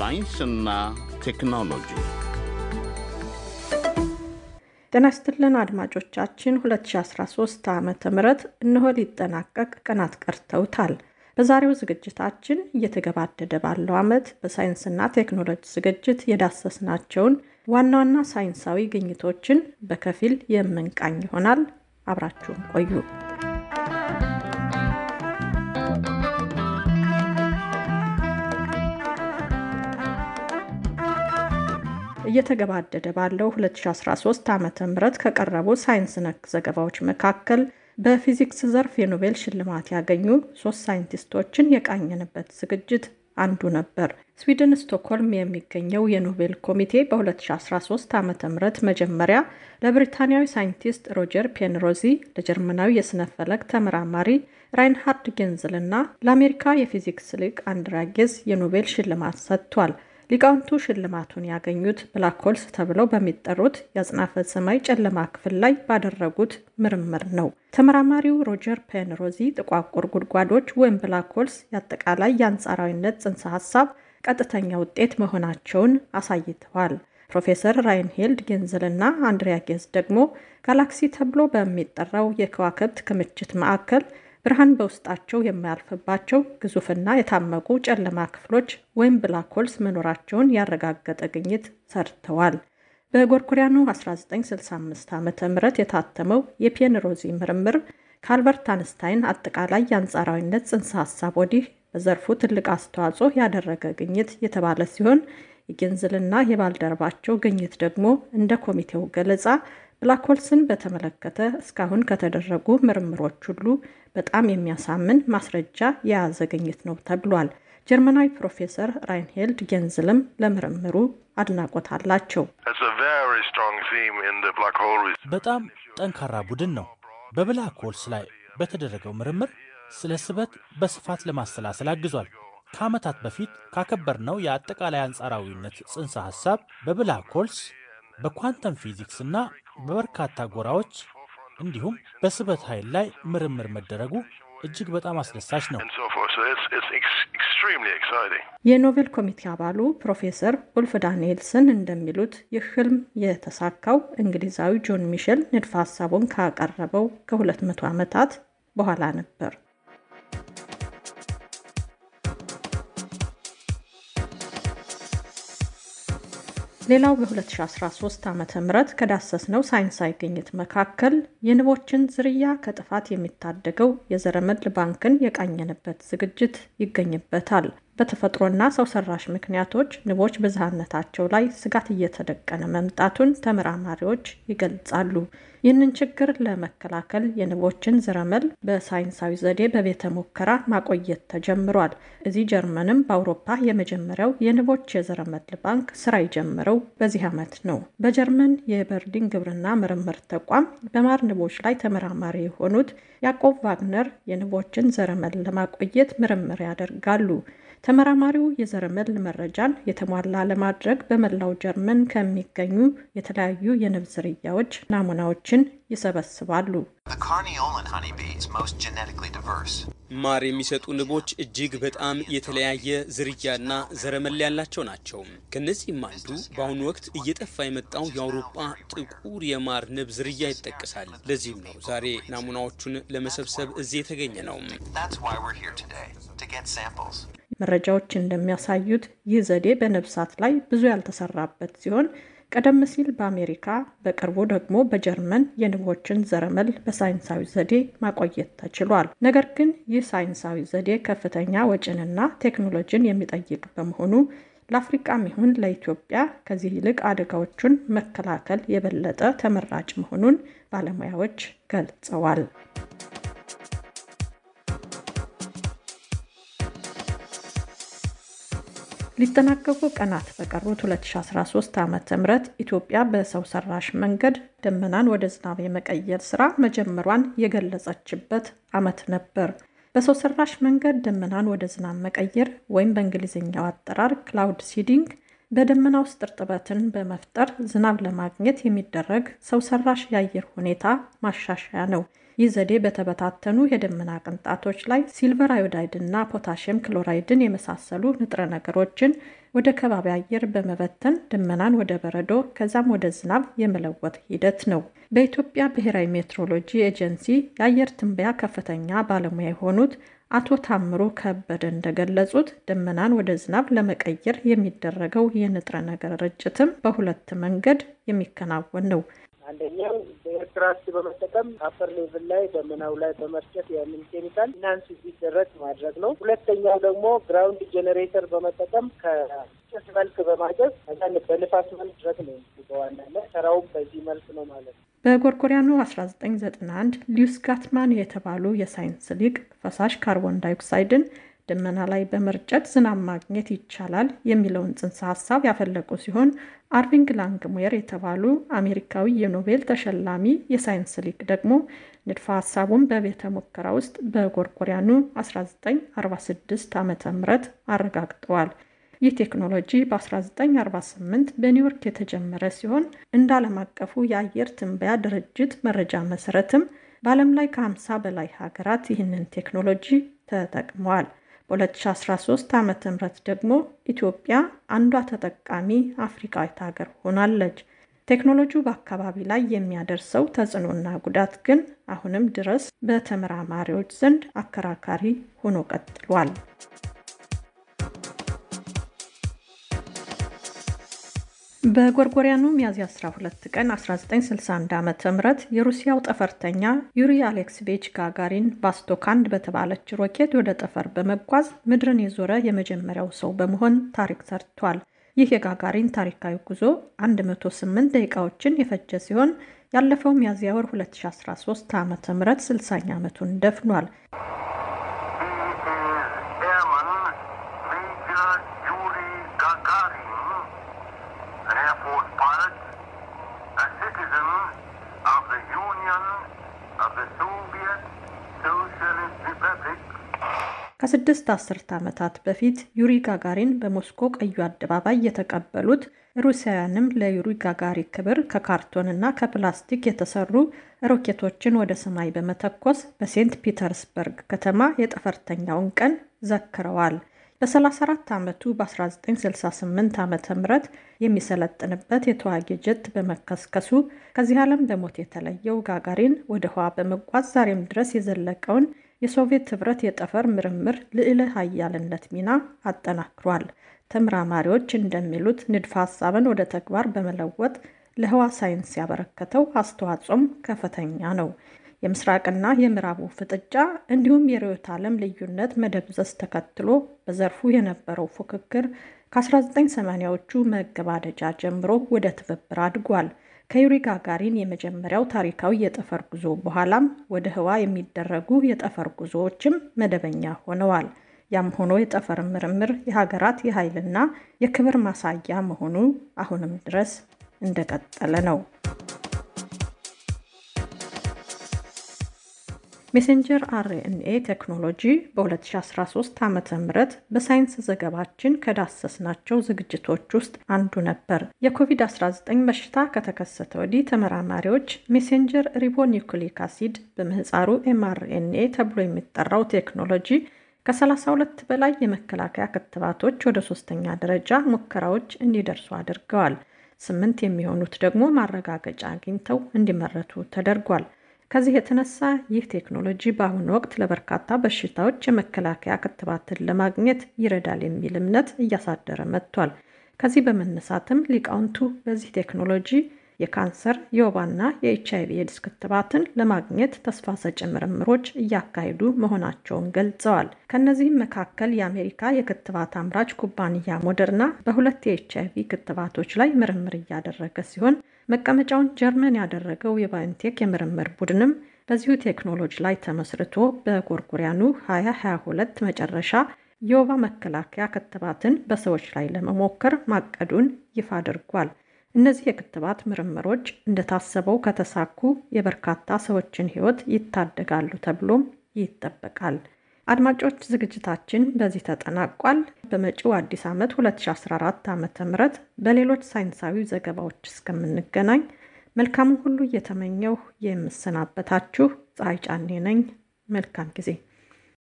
ሳይንስና ቴክኖሎጂ ጤና ይስጥልን አድማጮቻችን 2013 ዓ ም እነሆ ሊጠናቀቅ ቀናት ቀርተውታል። በዛሬው ዝግጅታችን እየተገባደደ ባለው ዓመት በሳይንስና ቴክኖሎጂ ዝግጅት የዳሰስናቸውን ዋና ዋና ሳይንሳዊ ግኝቶችን በከፊል የምንቃኝ ይሆናል። አብራችሁን ቆዩ። እየተገባደደ ባለው 2013 ዓ ም ከቀረቡ ሳይንስ ነክ ዘገባዎች መካከል በፊዚክስ ዘርፍ የኖቤል ሽልማት ያገኙ ሶስት ሳይንቲስቶችን የቃኘንበት ዝግጅት አንዱ ነበር። ስዊድን ስቶክሆልም የሚገኘው የኖቤል ኮሚቴ በ2013 ዓ ም መጀመሪያ ለብሪታንያዊ ሳይንቲስት ሮጀር ፔንሮዚ፣ ለጀርመናዊ የሥነ ፈለክ ተመራማሪ ራይንሃርድ ጌንዝል እና ለአሜሪካ የፊዚክስ ሊቅ አንድራጌዝ የኖቤል ሽልማት ሰጥቷል። ሊቃውንቱ ሽልማቱን ያገኙት ብላክሆልስ ተብለው በሚጠሩት የአጽናፈ ሰማይ ጨለማ ክፍል ላይ ባደረጉት ምርምር ነው። ተመራማሪው ሮጀር ፔንሮዚ ጥቋቁር ጉድጓዶች ወይም ብላክሆልስ የአጠቃላይ የአንጻራዊነት ጽንሰ ሀሳብ ቀጥተኛ ውጤት መሆናቸውን አሳይተዋል። ፕሮፌሰር ራይንሄልድ ጌንዝል እና አንድሪያ ጌዝ ደግሞ ጋላክሲ ተብሎ በሚጠራው የከዋክብት ክምችት ማዕከል ብርሃን በውስጣቸው የማያልፍባቸው ግዙፍና የታመቁ ጨለማ ክፍሎች ወይም ብላክ ሆልስ መኖራቸውን ያረጋገጠ ግኝት ሰርተዋል። በጎርኮሪያኑ 1965 ዓ ም የታተመው የፔንሮዚ ምርምር ከአልበርት አንስታይን አጠቃላይ የአንጻራዊነት ጽንሰ ሀሳብ ወዲህ በዘርፉ ትልቅ አስተዋጽኦ ያደረገ ግኝት የተባለ ሲሆን የጌንዝልና የባልደረባቸው ግኝት ደግሞ እንደ ኮሚቴው ገለጻ ብላክ ሆልስን በተመለከተ እስካሁን ከተደረጉ ምርምሮች ሁሉ በጣም የሚያሳምን ማስረጃ የያዘ ግኝት ነው ተብሏል። ጀርመናዊ ፕሮፌሰር ራይንሄልድ ጌንዝልም ለምርምሩ አድናቆት አላቸው። በጣም ጠንካራ ቡድን ነው። በብላክ ሆልስ ላይ በተደረገው ምርምር ስለ ስበት በስፋት ለማሰላሰል አግዟል። ከዓመታት በፊት ካከበርነው የአጠቃላይ አንጻራዊነት ጽንሰ ሐሳብ በብላክ ሆልስ በኳንተም ፊዚክስ እና በበርካታ ጎራዎች እንዲሁም በስበት ኃይል ላይ ምርምር መደረጉ እጅግ በጣም አስደሳች ነው። የኖቤል ኮሚቴ አባሉ ፕሮፌሰር ኡልፍ ዳንኤልስን እንደሚሉት ይህ ህልም የተሳካው እንግሊዛዊ ጆን ሚሸል ንድፈ ሀሳቡን ካቀረበው ከ200 ዓመታት በኋላ ነበር። ሌላው በ2013 ዓ ም ከዳሰስነው ሳይንሳዊ ግኝት መካከል የንቦችን ዝርያ ከጥፋት የሚታደገው የዘረመል ባንክን የቃኘንበት ዝግጅት ይገኝበታል። በተፈጥሮና ሰው ሰራሽ ምክንያቶች ንቦች ብዝሃነታቸው ላይ ስጋት እየተደቀነ መምጣቱን ተመራማሪዎች ይገልጻሉ። ይህንን ችግር ለመከላከል የንቦችን ዝረመል በሳይንሳዊ ዘዴ በቤተ ሙከራ ማቆየት ተጀምሯል። እዚህ ጀርመንም በአውሮፓ የመጀመሪያው የንቦች የዝረመል ባንክ ስራ የጀመረው በዚህ ዓመት ነው። በጀርመን የበርሊን ግብርና ምርምር ተቋም በማር ንቦች ላይ ተመራማሪ የሆኑት ያዕቆብ ቫግነር የንቦችን ዘረመል ለማቆየት ምርምር ያደርጋሉ። ተመራማሪው የዘረመል መረጃን የተሟላ ለማድረግ በመላው ጀርመን ከሚገኙ የተለያዩ የንብ ዝርያዎች ናሙናዎችን ይሰበስባሉ። ማር የሚሰጡ ንቦች እጅግ በጣም የተለያየ ዝርያና ዘረመል ያላቸው ናቸው። ከነዚህም አንዱ በአሁኑ ወቅት እየጠፋ የመጣው የአውሮፓ ጥቁር የማር ንብ ዝርያ ይጠቀሳል። ለዚህም ነው ዛሬ ናሙናዎቹን ለመሰብሰብ እዚህ የተገኘ ነው። መረጃዎች እንደሚያሳዩት ይህ ዘዴ በነብሳት ላይ ብዙ ያልተሰራበት ሲሆን ቀደም ሲል በአሜሪካ በቅርቡ ደግሞ በጀርመን የንቦችን ዘረመል በሳይንሳዊ ዘዴ ማቆየት ተችሏል። ነገር ግን ይህ ሳይንሳዊ ዘዴ ከፍተኛ ወጪንና ቴክኖሎጂን የሚጠይቅ በመሆኑ ለአፍሪቃም ይሁን ለኢትዮጵያ ከዚህ ይልቅ አደጋዎቹን መከላከል የበለጠ ተመራጭ መሆኑን ባለሙያዎች ገልጸዋል። ሊጠናቀቁ ቀናት በቀሩት 2013 ዓ ም ኢትዮጵያ በሰው ሰራሽ መንገድ ደመናን ወደ ዝናብ የመቀየር ስራ መጀመሯን የገለጸችበት ዓመት ነበር። በሰው ሰራሽ መንገድ ደመናን ወደ ዝናብ መቀየር ወይም በእንግሊዝኛው አጠራር ክላውድ ሲዲንግ በደመና ውስጥ እርጥበትን በመፍጠር ዝናብ ለማግኘት የሚደረግ ሰው ሰራሽ የአየር ሁኔታ ማሻሻያ ነው። ይህ ዘዴ በተበታተኑ የደመና ቅንጣቶች ላይ ሲልቨር አዮዳይድና ፖታሽየም ክሎራይድን የመሳሰሉ ንጥረ ነገሮችን ወደ ከባቢ አየር በመበተን ደመናን ወደ በረዶ ከዛም ወደ ዝናብ የመለወጥ ሂደት ነው። በኢትዮጵያ ብሔራዊ ሜትሮሎጂ ኤጀንሲ የአየር ትንበያ ከፍተኛ ባለሙያ የሆኑት አቶ ታምሩ ከበደ እንደገለጹት ደመናን ወደ ዝናብ ለመቀየር የሚደረገው የንጥረ ነገር ርጭትም በሁለት መንገድ የሚከናወን ነው። አንደኛው ኤርክራፍት በመጠቀም አፐር ሌቭል ላይ ደመናው ላይ በመርጨት ያንን ኬሚካል ኢናንስ ሲደረግ ማድረግ ነው። ሁለተኛው ደግሞ ግራውንድ ጄኔሬተር በመጠቀም ከጭስ መልክ በማጨስ ከዛን በንፋስ መልክ ድረግ ነው ይገዋናለ። ስራውም በዚህ መልክ ነው ማለት ነው። በጎርጎሪያኑ 1991 ሊዩስ ጋትማን የተባሉ የሳይንስ ሊቅ ፈሳሽ ካርቦን ዳይኦክሳይድን ደመና ላይ በመርጨት ዝናብ ማግኘት ይቻላል የሚለውን ጽንሰ ሀሳብ ያፈለቁ ሲሆን አርቪንግ ላንግሙየር የተባሉ አሜሪካዊ የኖቤል ተሸላሚ የሳይንስ ሊቅ ደግሞ ንድፈ ሀሳቡን በቤተ ሙከራ ውስጥ በጎርጎሪያኑ 1946 ዓ ም አረጋግጠዋል። ይህ ቴክኖሎጂ በ1948 በኒውዮርክ የተጀመረ ሲሆን እንደ ዓለም አቀፉ የአየር ትንበያ ድርጅት መረጃ መሰረትም በዓለም ላይ ከ50 በላይ ሀገራት ይህንን ቴክኖሎጂ ተጠቅመዋል። 2013 ዓ ም ደግሞ ኢትዮጵያ አንዷ ተጠቃሚ አፍሪካዊት ሀገር ሆናለች። ቴክኖሎጂው በአካባቢ ላይ የሚያደርሰው ተጽዕኖና ጉዳት ግን አሁንም ድረስ በተመራማሪዎች ዘንድ አከራካሪ ሆኖ ቀጥሏል። በጎርጎሪያኑ ሚያዝያ 12 ቀን 1961 ም የሩሲያው ጠፈርተኛ ዩሪ አሌክስቬች ጋጋሪን ባስቶካንድ በተባለች ሮኬት ወደ ጠፈር በመጓዝ ምድርን የዞረ የመጀመሪያው ሰው በመሆን ታሪክ ሰርቷል። ይህ የጋጋሪን ታሪካዊ ጉዞ 108 ደቂቃዎችን የፈጀ ሲሆን ያለፈው ሚያዝያ ወር 2013 ም 60ኛ ዓመቱን ደፍኗል። ከስድስት አስርት ዓመታት በፊት ዩሪ ጋጋሪን በሞስኮ ቀዩ አደባባይ የተቀበሉት ሩሲያውያንም ለዩሪ ጋጋሪ ክብር ከካርቶን እና ከፕላስቲክ የተሰሩ ሮኬቶችን ወደ ሰማይ በመተኮስ በሴንት ፒተርስበርግ ከተማ የጠፈርተኛውን ቀን ዘክረዋል። በ34 ዓመቱ በ1968 ዓ ም የሚሰለጥንበት የተዋጊ ጀት በመከስከሱ ከዚህ ዓለም በሞት የተለየው ጋጋሪን ወደ ህዋ በመጓዝ ዛሬም ድረስ የዘለቀውን የሶቪየት ህብረት የጠፈር ምርምር ልዕለ ሀያልነት ሚና አጠናክሯል። ተመራማሪዎች እንደሚሉት ንድፈ ሀሳብን ወደ ተግባር በመለወጥ ለህዋ ሳይንስ ያበረከተው አስተዋጽኦም ከፍተኛ ነው። የምስራቅና የምዕራቡ ፍጥጫ እንዲሁም የርዕዮተ ዓለም ልዩነት መደብዘዝ ተከትሎ በዘርፉ የነበረው ፉክክር ከ1980ዎቹ መገባደጃ ጀምሮ ወደ ትብብር አድጓል። ከዩሪ ጋጋሪን የመጀመሪያው ታሪካዊ የጠፈር ጉዞ በኋላም ወደ ህዋ የሚደረጉ የጠፈር ጉዞዎችም መደበኛ ሆነዋል። ያም ሆኖ የጠፈር ምርምር የሀገራት የኃይልና የክብር ማሳያ መሆኑ አሁንም ድረስ እንደቀጠለ ነው። ሜሴንጀር አርኤንኤ ቴክኖሎጂ በ2013 ዓ ም በሳይንስ ዘገባችን ከዳሰስናቸው ዝግጅቶች ውስጥ አንዱ ነበር። የኮቪድ-19 በሽታ ከተከሰተ ወዲህ ተመራማሪዎች ሜሴንጀር ሪቦኒኩሊክ አሲድ በምህፃሩ ኤምአርኤንኤ ተብሎ የሚጠራው ቴክኖሎጂ ከ32 በላይ የመከላከያ ክትባቶች ወደ ሶስተኛ ደረጃ ሙከራዎች እንዲደርሱ አድርገዋል። ስምንት የሚሆኑት ደግሞ ማረጋገጫ አግኝተው እንዲመረቱ ተደርጓል። ከዚህ የተነሳ ይህ ቴክኖሎጂ በአሁኑ ወቅት ለበርካታ በሽታዎች የመከላከያ ክትባትን ለማግኘት ይረዳል የሚል እምነት እያሳደረ መጥቷል። ከዚህ በመነሳትም ሊቃውንቱ በዚህ ቴክኖሎጂ የካንሰር የወባና የኤች አይቪ ኤድስ ክትባትን ለማግኘት ተስፋ ሰጭ ምርምሮች እያካሄዱ መሆናቸውን ገልጸዋል። ከእነዚህም መካከል የአሜሪካ የክትባት አምራች ኩባንያ ሞደርና በሁለት የኤች አይቪ ክትባቶች ላይ ምርምር እያደረገ ሲሆን መቀመጫውን ጀርመን ያደረገው የባዮንቴክ የምርምር ቡድንም በዚሁ ቴክኖሎጂ ላይ ተመስርቶ በጎርጎሪያኑ 2022 መጨረሻ የወባ መከላከያ ክትባትን በሰዎች ላይ ለመሞከር ማቀዱን ይፋ አድርጓል። እነዚህ የክትባት ምርምሮች እንደታሰበው ከተሳኩ የበርካታ ሰዎችን ሕይወት ይታደጋሉ ተብሎም ይጠበቃል። አድማጮች ዝግጅታችን በዚህ ተጠናቋል። በመጪው አዲስ ዓመት 2014 ዓ ም በሌሎች ሳይንሳዊ ዘገባዎች እስከምንገናኝ መልካሙን ሁሉ እየተመኘሁ የምሰናበታችሁ ፀሐይ ጫኔ ነኝ። መልካም ጊዜ